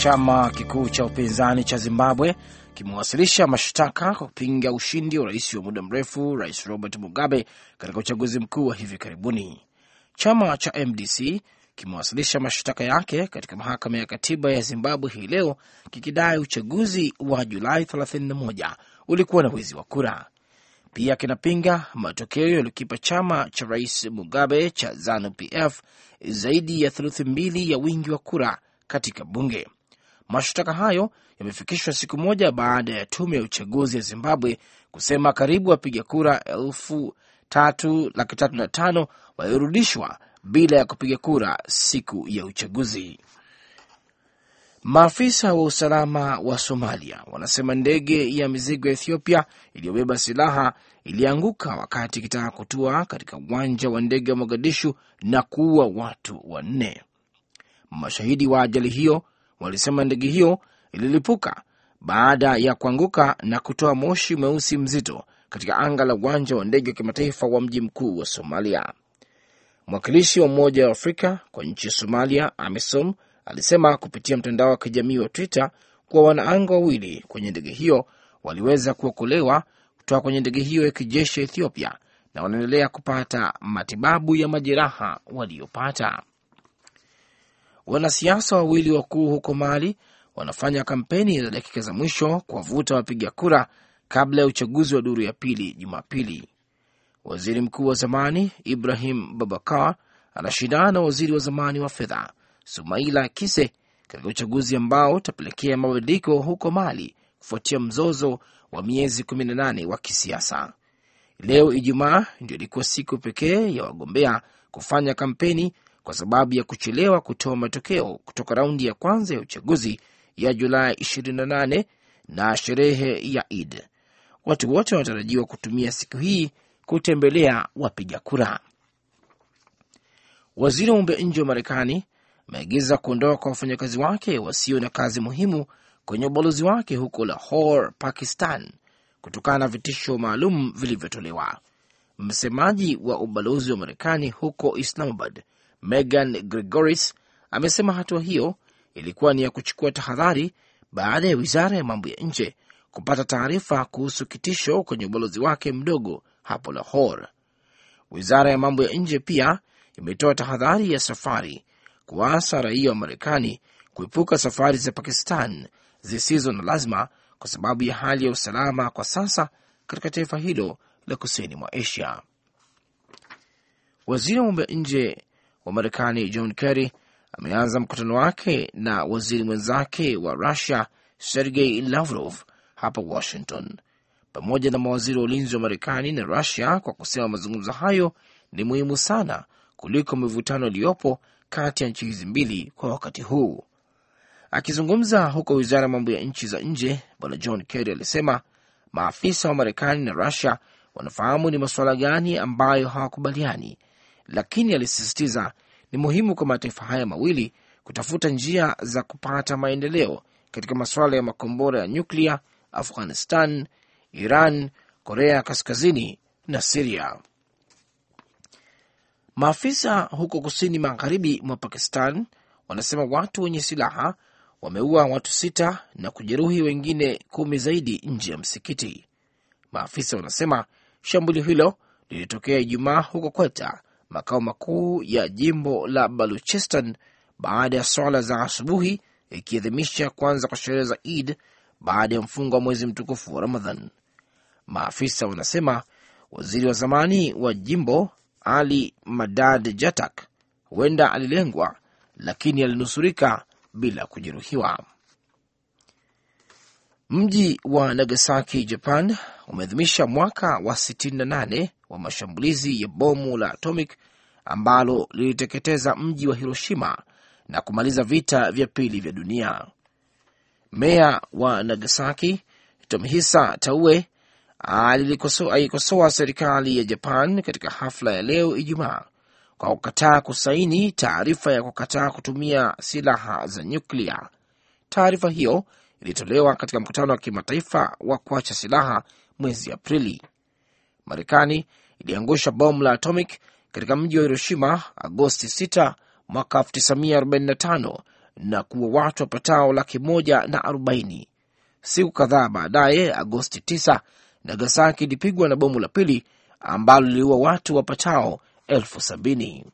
Chama kikuu cha upinzani cha Zimbabwe kimewasilisha mashtaka kwa kupinga ushindi wa rais wa muda mrefu Rais Robert Mugabe katika uchaguzi mkuu wa hivi karibuni. Chama cha MDC kimewasilisha mashtaka yake katika mahakama ya katiba ya Zimbabwe hii leo kikidai uchaguzi wa Julai 31 ulikuwa na wizi wa kura. Pia kinapinga matokeo yaliyokipa chama cha rais Mugabe cha ZANU PF zaidi ya theluthi mbili ya wingi wa kura katika bunge. Mashtaka hayo yamefikishwa siku moja baada ya tume ya uchaguzi ya Zimbabwe kusema karibu wapiga kura elfu tatu laki tatu na tano waliorudishwa bila ya kupiga kura siku ya uchaguzi. Maafisa wa usalama wa Somalia wanasema ndege ya mizigo ya Ethiopia iliyobeba silaha ilianguka wakati ikitaka kutua katika uwanja wa ndege wa Mogadishu na kuua watu wanne. Mashahidi wa ajali hiyo walisema ndege hiyo ililipuka baada ya kuanguka na kutoa moshi mweusi mzito katika anga la uwanja wa ndege wa kimataifa wa mji mkuu wa Somalia. Mwakilishi wa Umoja wa Afrika kwa nchi ya Somalia, AMISOM, alisema kupitia mtandao wa kijamii wa Twitter kuwa wanaanga wawili kwenye ndege hiyo waliweza kuokolewa kutoka kwenye ndege hiyo ya kijeshi ya Ethiopia na wanaendelea kupata matibabu ya majeraha waliyopata. Wanasiasa wawili wakuu huko Mali wanafanya kampeni za dakika za mwisho kuwavuta wapiga kura kabla ya uchaguzi wa duru ya pili Jumapili. Waziri mkuu wa zamani Ibrahim Babakar anashindana na waziri wa zamani wa fedha Sumaila Kise katika uchaguzi ambao utapelekea mabadiliko huko Mali kufuatia mzozo wa miezi 18 wa kisiasa. Leo Ijumaa ndio ilikuwa siku pekee ya wagombea kufanya kampeni kwa sababu ya kuchelewa kutoa matokeo kutoka raundi ya kwanza ya uchaguzi ya Julai 28 na sherehe ya Id. Watu wote wanatarajiwa kutumia siku hii kutembelea wapiga kura. Waziri wa mambo ya nje wa Marekani ameagiza kuondoka kwa wafanyakazi wake wasio na kazi muhimu kwenye ubalozi wake huko Lahore, Pakistan, kutokana na vitisho maalum vilivyotolewa. Msemaji wa ubalozi wa Marekani huko Islamabad Megan Gregoris amesema hatua hiyo ilikuwa ni ya kuchukua tahadhari baada ya wizara ya mambo ya nje kupata taarifa kuhusu kitisho kwenye ubalozi wake mdogo hapo Lahore. Wizara ya mambo ya nje pia imetoa tahadhari ya safari kuwaasa raia wa Marekani kuepuka safari za Pakistan zisizo na lazima kwa sababu ya hali ya usalama kwa sasa katika taifa hilo la kusini mwa Asia. Waziri wa mambo ya nje wa Marekani John Kerry ameanza mkutano wake na waziri mwenzake wa Rusia Sergei Lavrov hapa Washington, pamoja na mawaziri wa ulinzi wa Marekani na Rusia kwa kusema mazungumzo hayo ni muhimu sana kuliko mivutano iliyopo kati ya nchi hizi mbili kwa wakati huu. Akizungumza huko wizara ya mambo ya nchi za nje, bwana John Kerry alisema maafisa wa Marekani na Rusia wanafahamu ni masuala gani ambayo hawakubaliani lakini alisisitiza ni muhimu kwa mataifa haya mawili kutafuta njia za kupata maendeleo katika masuala ya makombora ya nyuklia Afghanistan, Iran, Korea Kaskazini na Siria. Maafisa huko kusini magharibi mwa Pakistan wanasema watu wenye silaha wameua watu sita na kujeruhi wengine kumi zaidi nje ya msikiti. Maafisa wanasema shambulio hilo lilitokea Ijumaa huko Kweta makao makuu ya jimbo la Baluchistan baada ya swala za asubuhi, ikiadhimisha kwanza kwa sherehe za Eid baada ya mfungo wa mwezi mtukufu wa Ramadhan. Maafisa wanasema waziri wa zamani wa jimbo Ali Madad Jatak huenda alilengwa, lakini alinusurika bila kujeruhiwa. Mji wa Nagasaki, Japan, umeadhimisha mwaka wa 68 wa mashambulizi ya bomu la atomic ambalo liliteketeza mji wa Hiroshima na kumaliza vita vya pili vya dunia. Meya wa Nagasaki Tomihisa Taue alikosoa serikali ya Japan katika hafla ya leo Ijumaa kwa kukataa kusaini taarifa ya kukataa kutumia silaha za nyuklia. Taarifa hiyo ilitolewa katika mkutano wa kimataifa wa kuacha silaha mwezi Aprili. Marekani iliangusha bomu la atomic katika mji wa Hiroshima Agosti 6 mwaka 1945 na kuwa watu wapatao laki moja na arobaini. Siku kadhaa baadaye, Agosti 9, Nagasaki ilipigwa na bomu la pili ambalo liliua watu wapatao elfu sabini.